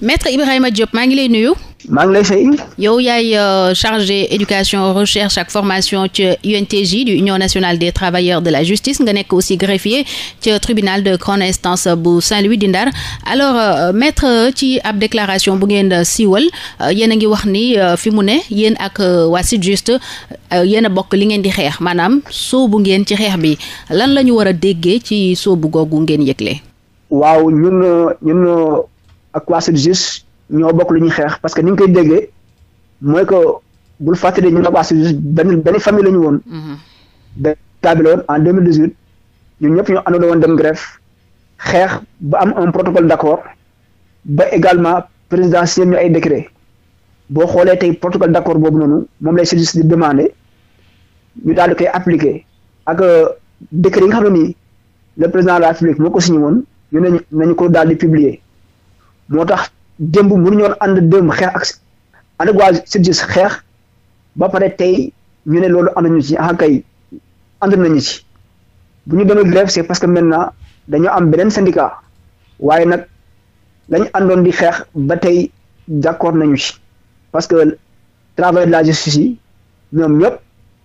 maître Ibrahima Diop maa ngi lay nuyu. maa ngi lay fay. yow yaay euh, chargé éducation recherche ak formation ci UNTJ du Union nationale des travailleurs de la justice nga nekk aussi greffier ci tribunal de grande instance bu Saint-Louis di Ndar alors euh, maître ci ab déclaration bu ngeen euh, siiwal yéen a ngi wax ni fi mu ne yéen ak waa Sytjust yéen a bokk li ngeen di xeex maanaam sóobu ngeen ci xeex bi lan la ñu war a déggee ci sóobu googu ngeen yëgle. waaw ñun ñun. ak waa SYTJUST ñoo bokk lu ñu xeex parce que ni nga koy déggee mooy que bul fàttali ñu ne waa SYTJUST benn benn famille la ñu woon. da mhm. taabiloon en deux mille dix huit ñëpp ñu àndandoo woon dem grève xeex ba am un protocole d' accord ba également président signé ñu ay décret boo xoolee tey protocole d' accord boobu noonu moom lay SYTJUST di demandé ñu daal di koy appliqué ak euh, décret yi nga xam ne nii président de la République moo ko signé woon ñu ne nañu ko daal di publier. moo tax démb ñoon ànd démb xeex ak ànd ak waa xeex ba pare tey ñu ne loolu ànd nañu ci ah kay ànd nañu ci bu ñu demee grève c'est parce que na dañoo am beneen syndicat waaye nag lañ àndoon di xeex ba tey d'accord nañu ci parce que travail laaj la justice ñoom ñëpp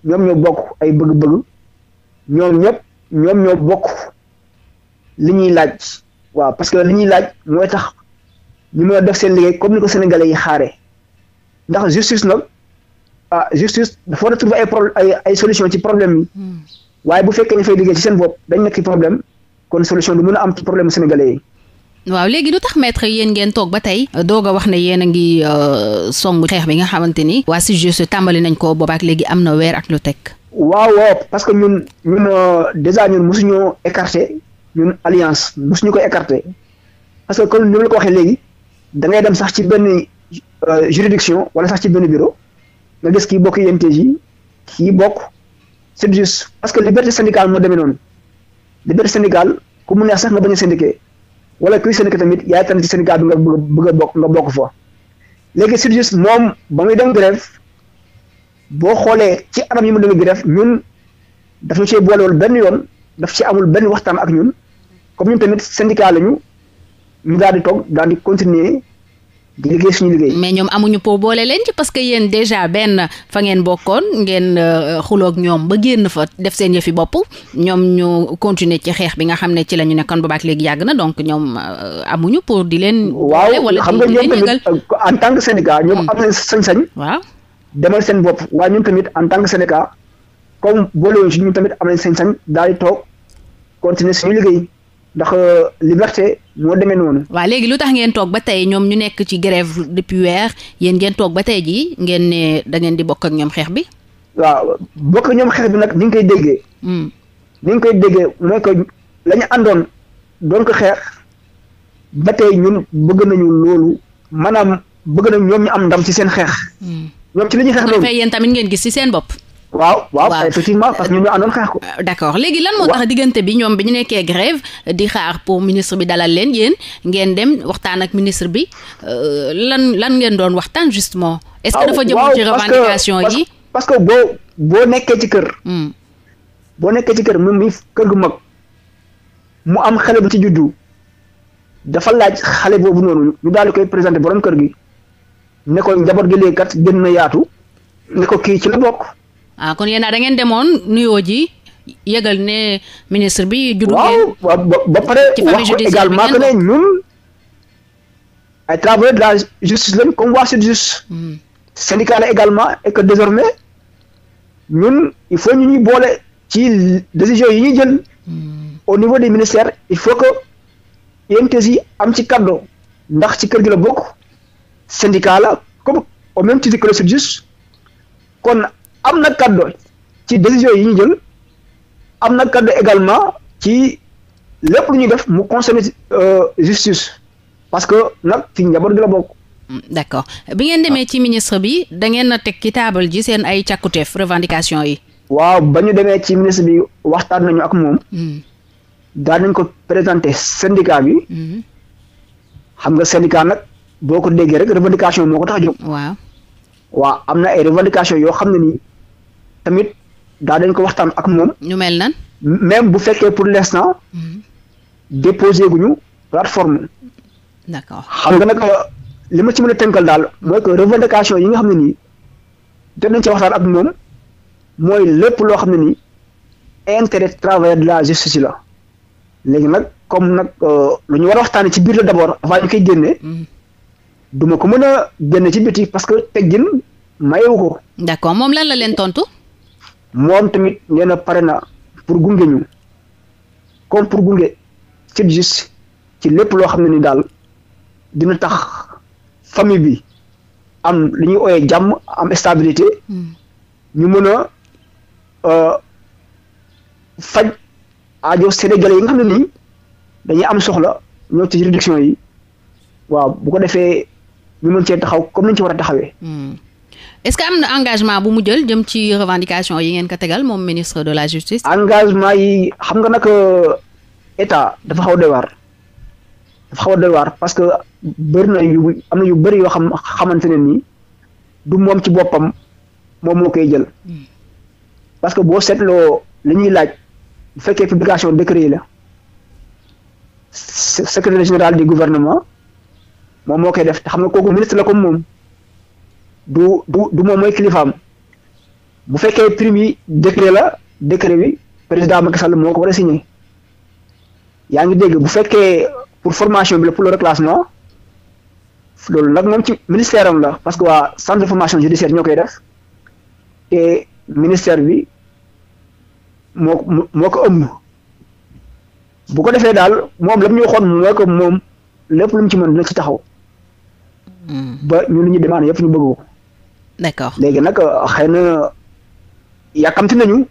ñoom ñoo bokk ay bëgg-bëgg ñoom ñëpp ñoom ñoo bokk li ñuy laaj waaw parce que li ñuy laaj mooy tax ñu mën def seen liggéey comme ni ko sénégalais yi xaaree ndax justice nag ah justice dafa a trouver ay pro solution ci problème yi hmm. waaye bu fekkee ne fay liggéey ci seen bopp dañ nekk ci problème kon solution du mën a am ci problème sénégalais yi. waaw léegi lu tax maître yéen ngeen toog ba tey doog a wax ne yéen a ngi euh, song xeex bi nga xamante ni waa CGE tàmbali nañ ko boobaak léegi am na weer ak lu teg. waaw waaw parce que ñun ñun euh, déjà ñun mosuñoo écarté ñun alliance mosuñu ko écarté parce que comme ni ko waxee léegi da ngay dem sax ci benn euh, juridiction wala sax ci benn bureau nga gis kii bokk ji kii bokk c'est juste parce que liberté syndicale moo demee noonu liberté syndicale ku mu neex sax nga bañ a syndiqué wala kuy syndiqué tamit yaay tànn ci syndicat bi nga bëgg a bokk nga bokk fa léegi c'est juste moom ba muy dem grève boo xoolee ci anam yi mu demee grève ñun daf ñu cee boolewul benn yoon daf ci amul benn waxtaan ak ñun comme ñun tamit syndicat lañu. ñu daal di toog daal di continuer di liggéey suñu liggéey. mais ñoom amuñu pour boole leen ci parce que yéen déjà benn fa ngeen bokkoon ngeen euh, xuloog ñoom ba génn fa def seen yëfi bopp ñoom ñu continuer ci xeex bi nga xam ne ci la ñu nekkoon ba baak léegi yàgg na donc ñoom euh, amuñu pour di leen. boole wala xam nga ñoom tamit euh, en tant que syndicat ñoom mm. am nañ sañ-sañ. waaw demal seen bopp waaye ñun tamit en tant que syndicat comme boolewuñ si ñun tamit am nañ sañ-sañ daal di toog continuer suñu liggéey. ndax euh, liberté moo demee noonu. waa léegi lu tax ngeen toog ba tey ñoom ñu nekk ci grève depuis weer yéen ngeen toog ba tey jii ngeen ne da di bokk ak ñoom xeex bi. waaw bokk ñoom xeex bi nag ni nga koy déggee. Hmm. ni nga koy déggee mooy que la ñu àndoon doon ko xeex ba tey ñun bëgg nañu loolu maanaam bëgg nañ ñoom ñu am ndam ci seen xeex. Hmm. ñoom ci li ñuy xeex loolu. yéen tamit ngeen gis ci seen bopp. waaw waaw effectivement parce que ñoom ñoo àndoon xeex ko. Euh, d'accord léegi lan moo tax diggante bi ñoom bi ñu nekkee grève di xaar pour ministre bi dalal leen yéen ngeen dem waxtaan ak ministre bi euh, lan lan ngeen doon waxtaan justement. est-ce que ah, dafa jëm ci revendication yi parce que boo boo nekkee ci kër. Hmm. boo nekkee ci kër mu mi kër gu mag mu am xale bu ci juddu dafa laaj xale boobu noonu ñu daal di koy présenté borom kër gi ne ko njaboot gi léegi kat gën na yaatu ne kii ci la bokk. ah kon yéen a da ngeen demoon nuyoo ji yëgal ne ministre bi. juddu ba pare wax ko également que ne ñun ay travailleurs de la justice lañ comme waa SYTJUST. Hmm. syndicat la également et que désormais ñun il faut ñu ñuy boole ci décision yi ñuy jël. Hmm. au niveau des ministère il faut que INTS yi am ci kaddu ndax ci kër gi la bokk syndicat la comme au même le SYTJUST kon. am na kaddu ci décision yi ñu jël am na kaddu également ci lépp lu ñuy def mu concerné euh, justice parce que nag ci njaboot gi la bokk. Mm, d'accord bi ngeen demee ci ministre bi da ngeen a teg ci ji seen ay càkkuteef revendication yi. waaw ba ñu demee ci ministre bi waxtaan nañu ak moom. Mm. daan nañ ko présenté syndicat bi. Mm. xam nga syndicat nag boo ko déggee rek revendication moo ko tax a jóg. waaw waaw am na ay revendication yoo xam ne nii. tamit daa dañ ko waxtaan ak moom. ñu mel nan. même bu fekkee pour l' instant. Mhm. déposé ñu plateforme. xam nga nag euh, li ma ci mën a tënkal daal mooy que revendication yi nga xam ne nii jot nañ ci waxtaan ak moom mooy lépp loo xam ne nii intérêt travailleur de la justice la léegi nag comme nag euh, lu ñu war a waxtaanee ci biir la d' abord avant ñu koy génne. Mhm. duma ko mën a génne ci biti parce que teggin mayewu ko. d' moom lan la leen tontu. moom tamit nee na pare na pour gunge ñu comme pour gunge ci ci lépp loo xam ne ni daal dina tax famille bi am li ñuy ooyee jàmm am stabilité hmm. ñu mën a euh, faj aajo sénégalais yi nga xam ne nii dañuy am soxla ñoo ci réduction yi waaw bu ko defee ñu mën cee taxaw comme nañ ci war a taxawee hmm. est-ce que am na engagement bu mu jël jëm ci revendication yi ngeen ko tegal moom ministre de la justice. engagement yi xam nga nag euh, état dafa xaw a waar dafa xaw a doy waar parce que bëri na yu am na yu bëri yoo xam xamante ne nii du moom ci boppam moom moo koy jël hmm. parce que boo seetloo li ñuy laaj bu fekkee publication décret yi la secrétaire général du gouvernement moom moo koy def te xam nga kooku ministre la comme moom. du du du moom mooy kilifaam bu fekkee prime yi décret la décret bi président Macky Sall moo ko war a signé yaa ngi dégg bu fekkee pour formation bi la pour le reclassement loolu nag moom ci ministère am la parce que waa centre de formation judiciaire ñoo koy def te ministère bi moo moo ko ëmb bu ko defee daal moom la mu ñu moom lépp lu mu ci mën dina ci taxaw hmm. ba ñu li ñu demande yëpp ñu bëgg ko d'accord léegi nag euh, xëy na yàkkamti nañu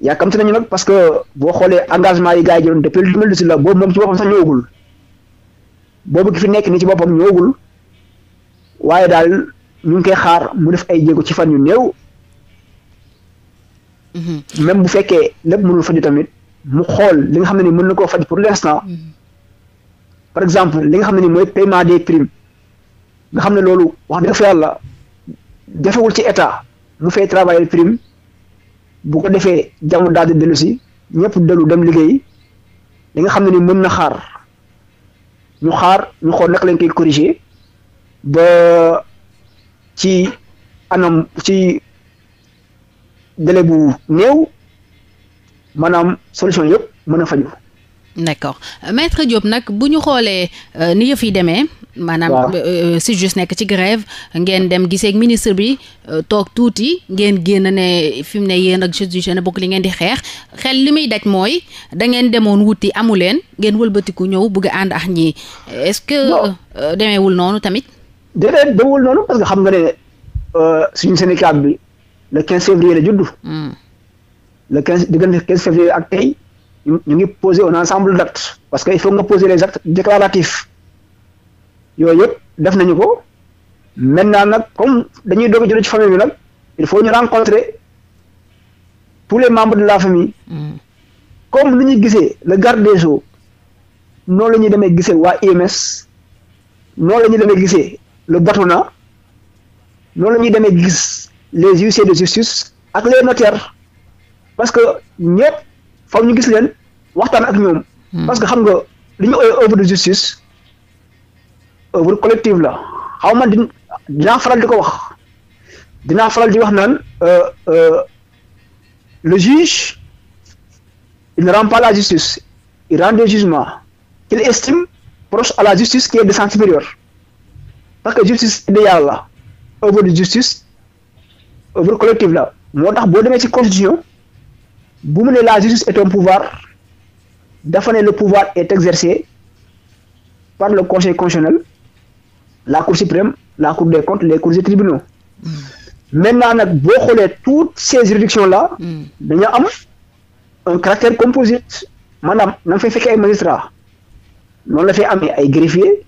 yàkkamti nañu nag parce que boo xoolee engagement yi gars yi jëloon depuis lu si la boobu moom ci boppam sax ñëwagul boobu ki fi nekk nii ci boppam ñëwagul waaye daal ñu ngi koy xaar mu def ay jéego ci fan yu néew. Mhm. même bu fekkee lépp mënul faju tamit mu xool li nga xam ne ni mën na koo faj pour l'instant mhm. par exemple li nga xam ne ni mooy paiement des primes nga xam ne loolu wax dëgg fa yàlla jafewul ci état lu fay travail prime bu ko defee jàmm daal di dellu si ñëpp dellu dem liggéey li nga xam ne ni mën na xaar ñu xaar ñu xool naka lañ koy corriger ba ci anam ci délai bu néew maanaam solution yëpp mën a faju d'accord maître Diop nag bu ñu xoolee euh, ni yëf yi demee. maanaam juste euh, euh, nekk ci grève ngeen dem giseek ministre bi toog tuuti ngeen génn ne fi mu ne yéen ak justice ne bokk li ngeen di xeex xel li muy daj mooy da ngeen demoon wuti amu leen ngeen wëlbatiku ñëw bugg ànd ak ñii est-ce que demeewul noonu tamit. déedéet demewul noonu parce que xam nga ne suñu syndicat bi le quinze février la judd. Hmm. le quinze février ak tey ñu ngi poser un ensemble d'actes parce que il faut nga poser les actes déclaratifs yooyu yëpp def nañu ko maintenant nag comme dañuy doog a jëlee famille bi nag il faut ñu rencontrer tous les membres de la famille hmm. comme ni ñuy gisee le garde des Sceaux noonu la ñuy demee gisee waa IMS noonu la ñuy demee gisee le BATONA noonu la ñuy demee gis les huissiers de justice ak les notaires parce que ñëpp faw ñu gis leen waxtaan ak ñoom. Hmm. parce que xam nga li ñu ooyee œuvre de justice œuvre collective la xaw ma di dinaa faral di ko wax dinaa faral di wax naan euh, euh, le juge il ne rend pas la justice il rend des jugements qu'il estime proches à la justice qui est de sens supérieur parce que justice idéale la œuvre de justice œuvre collective la moo tax boo demee ci constitution. bu mu ne la justice est un pouvoir dafa ne le pouvoir est exercé par le conseil constitutionnel la cour suprême la cour de comptes les cours et tribunaux mm. maintenant nag boo xoolee toutes ces juridictions là mm. dañoo am un caractère composite maanaam na nga fay fekkee ay magistrats noonu la fay amee ay greffiers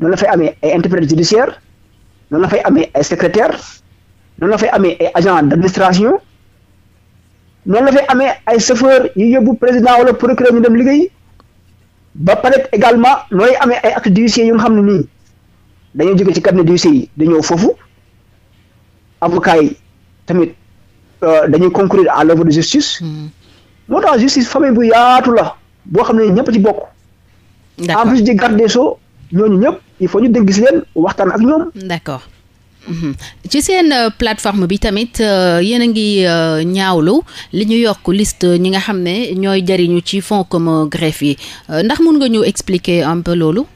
noonu la fay amee ay interprètes judiciaires noonu la fay ame ay secrétaires noonu la fay amee ay agents d'administration noonu la fi amee ay chauffeur yu yóbbu président wala procureur ñu dem liggéey ba pare également nooy ame ay actes d'huissier yu nga xam ne nii dañoo jóge ci cabinet d'huissier yi dañoo foofu avocats yi tamit euh, dañuy concourir à l'œuvre de justice hmm. moo tax justice famille bu yaatu la boo xam ne ñëpp ci bokk en plus di garde so sceaux ñooñu ñëpp il faut ñu dégg si leen waxtaan ak ñoom d'accord Mhm. ci seen euh, plateforme bi tamit euh, yéen a ngi euh, ñaawlu li ñu yokk liste ñi nga xam ne ñooy jariñu ci fonds commun greffe yi ndax mun nga ñu expliquer un peu loolu.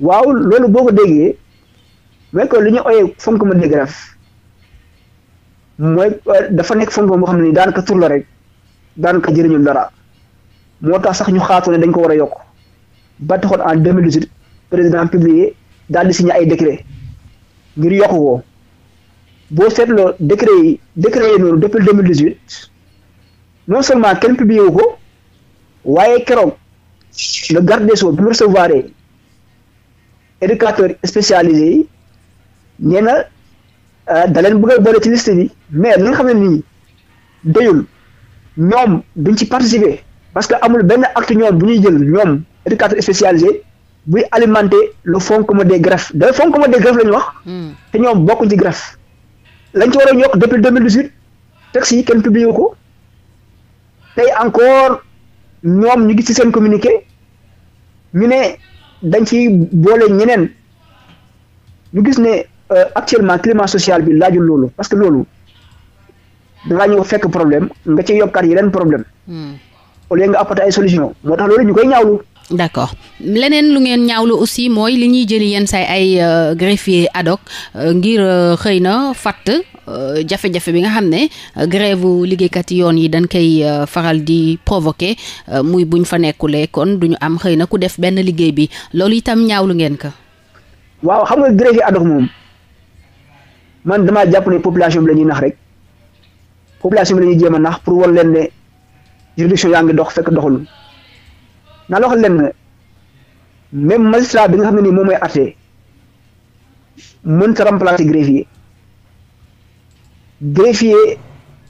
waaw loolu boo ko déggee mooy que li ñu oyee fonds commun de greffe mooy dafa nekk fonds commun boo xam ne daanaka tur la rek daanaka jëriñul dara moo tax sax ñu xaatu ne dañ ko war a yokk ba taxoon en 2018 président publié daal di signé ay décret. ngir yokku ko boo seetloo décret yi décret yi noonu depuis deux mille dix huit non seulement kenn publié ko waaye keroog le garde soo sceaux bi mu recevoir éducateurs spécialisés yi nee na euh, da leen bëgg a boole ci liste bi mais ni nga xam ne nii doyul ñoom duñ ci participer parce que amul benn acte ñoom bu ñuy jël ñoom éducateurs spécialisés buy alimenter le fonds commun des greffes da fonds commun des greffes la wax. Hmm. te ñoom bokkuñ ci greffe. lañ ci waroon yokk depuis deux mille dix huit texte yi kenn publié ko tey encore ñoom ñu gis ci seen communiqué ñu ne dañ ci boole ñeneen ñu gis ne euh, actuellement climat social bi laajul loolu parce que loolu dangaa ñëw fekk problème nga ci yokkaat yeneen problème hmm. au nga apporter ay solution moo tax loolu ñu koy ñaawlu. d' accord leneen lu ngeen ñaawlu aussi mooy li ñuy jëli yenn saay ay euh, greffier ad hoc euh, ngir euh, xëy na fatt jafe-jafe bi nga xam ne grève liggéeykat yi yoon yi dañ koy faral di provoqué muy buñ fa nekkulee kon duñu am xëy na ku def benn liggéey bi loolu itam ñaawlu ngeen ka waaw xam nga grève yi moom man damaa jàpp ne population bi la ñuy nax rek population bi la ñuy jéem a nax pour wan leen ne juridiction yaa ngi dox fekk doxul. naa la wax lenn même magistrat bi nga xam ne nii moom mooy àtte mënta remplacer greffier greffier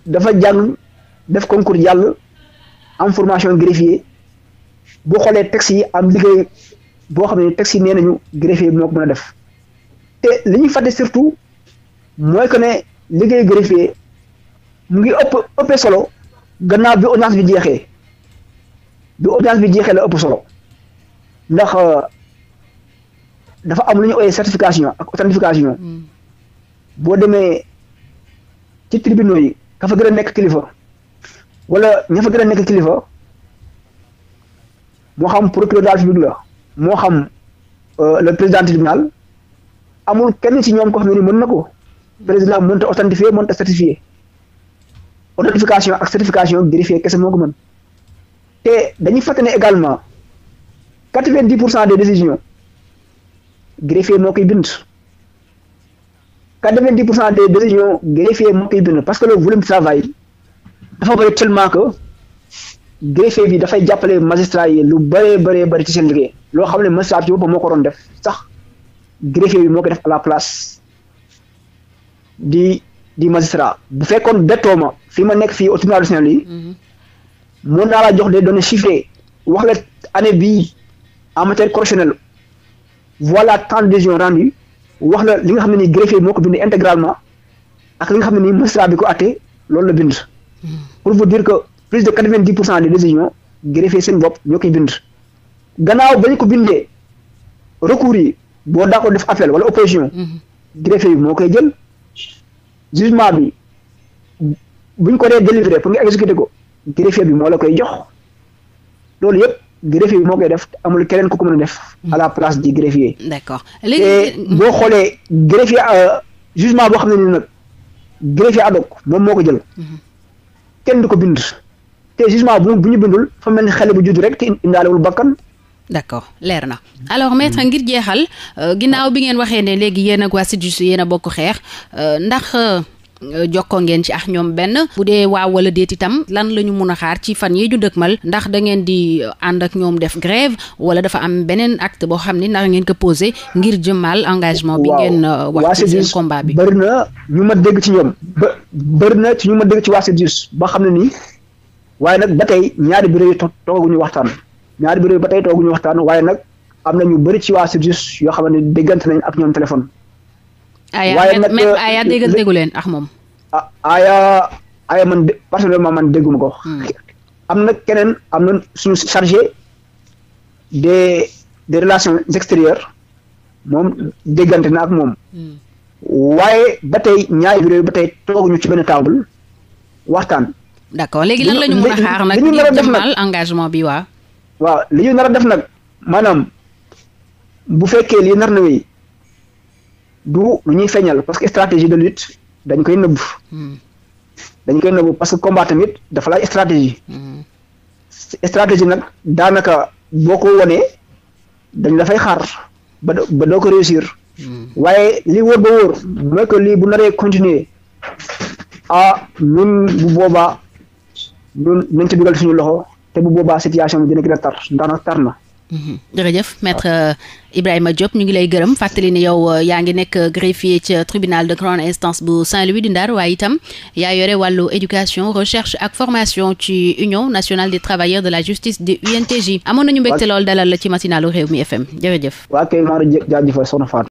dafa jàng def concours jàll am formation greffier boo xoolee texte yi am liggéey boo xam ne texte yi nee nañu greffier bi moo ko mën a def te li ñuy fàtte surtout mooy que ne liggéey greffier mu ngi ëpp ëppee solo gannaaw bi audience bi jeexee bi audience bi jeexee la ëpp solo ndax euh, dafa am lu ñu ooyee certification ak authentification hmm. boo demee ci tribunaux yi ka fa gën a nekk kilifa wala ña fa gën a nekk kilifa moo xam procureur de la République la moo xam euh, le président tribunal amul kenn ci ñoom ko xam ne mën na ko président mënta authentifier mënta certifier authentification ak certification vérifier kese moo ko mën te dañuy fàttali ne également quatre vingt dix pour cent des décisions greffier moo koy bind quatre vingt dix pour cent des décisions parce que le volume de dafa bëri tellement que greffier bi dafay jàppale magistrat yi lu bëree bëree bëri ci seen liggéey loo xam ne magistrat ci boppam moo ko doon def sax greffier bi moo koy def à la place di di magistrat bu fekkoon bettoo ma fi ma nekk fii au tribunal de Saint-Louis mhm. mun naa laa jox des données chiffrées wax la année bii en matière correctionnelle voilà tant de décisions rendues wax la li nga xam ne nii greffier moo ko bind intégralement ak li nga xam ne nii magistrat bi ko atte loolu la bind pour vous dire que plus de quatre-vingt-dix greffier seen bopp ñoo koy bind gannaaw bañ ko bindee recours boo daa ko def appel wala opposition greffier bi moo koy jël jugement bi buñ ko dee délivré pour nga exécuter ko greffier bi moo la koy jox loolu yëpp greffier bi moo koy def amul keneen ku ko mën a def à la place du greffier. d'accord léegi boo xoolee greffier euh, jugement boo xam ne ni nag greffier ad moom moo ko jël mhm. kenn du ko bind te jugement bu ñu bindul fa mel ni xale bu judd rek te indaalewul bakkan d'accord leer na alors maître hmm. ngir jeexal euh, ginnaaw bi ngeen waxee ne léegi yéen ak waa CIDJUST yéen a bokk xeex euh, ndax Euh, jokkoo ngeen ci ak ñoom benn bu dee waaw wala déet itam lan la ñu mun a xaar ci fan yi ñu dëkkmal ndax dangeen di euh, ànd ak ñoom def grève wala dafa am beneen act boo xam ni nar ngeen ko posé ngir jëmmal engagement bi ngeen euh, wax ci seen bi bëri na ñu ma dégg ci ñoom ba bëri na ci ñu ma dégg ci waa SYTJUST ba xam ne nii waaye nag ba tey ñaari bureau yi tooguñu waxtaan ñaari bureau yi ba tey tooguñu waxtaan waaye nag am na ñu bëri ci waa SYTJUST yoo xam ne déggante nañ ak ñoom téléphone waaye nag même euh, Aya dégg leen ak ah, moom. ah Aya ah, Aya man de personnellement man dégguma ko. Hmm. am na keneen am na suñu chargé des des relations extérieures moom déggante na ak moom. Hmm. waaye ba tey ñaari vidéo ba tey tooguñu ci benn table waxtaan. d'accord léegi lan la ñu a xaar nag li ñu nar a def nag engagement bi waa. waaw li nar a def nag maanaam bu fekkee lii nar na wéy du lu ñuy feeñal parce que stratégie de lutte dañ koy nëbb hmm. dañ koy nëbb parce que combat tamit dafa laaj stratégie hmm. stratégie nag daanaka boo ko wonee dañ la fay xaar ba ba doo ko réussir hmm. waaye li wóor ba wóor mooy que lii bu naree continuer ah ñun bu boobaa ñun nañ ci dugal suñu loxo te bu boobaa situation bi dina gën a tar ndax nag tar na Mm-hmm. jërëjëf maître euh, a Diop ñu ngi lay gërëm fàttali ni yow euh, yaa ngi nekk euh, greffier ci tribunal de grande instance bu Saint-Louis di Ndar waaye itam yaa yore wàllu éducation recherche ak formation ci union nationale des travailleurs de la justice di UNTJ amoon nañu mbégte lool dalal la ci matinalu réew mi FM jërëjëf. waa kay maa ngi jaajëfal soxna Fatou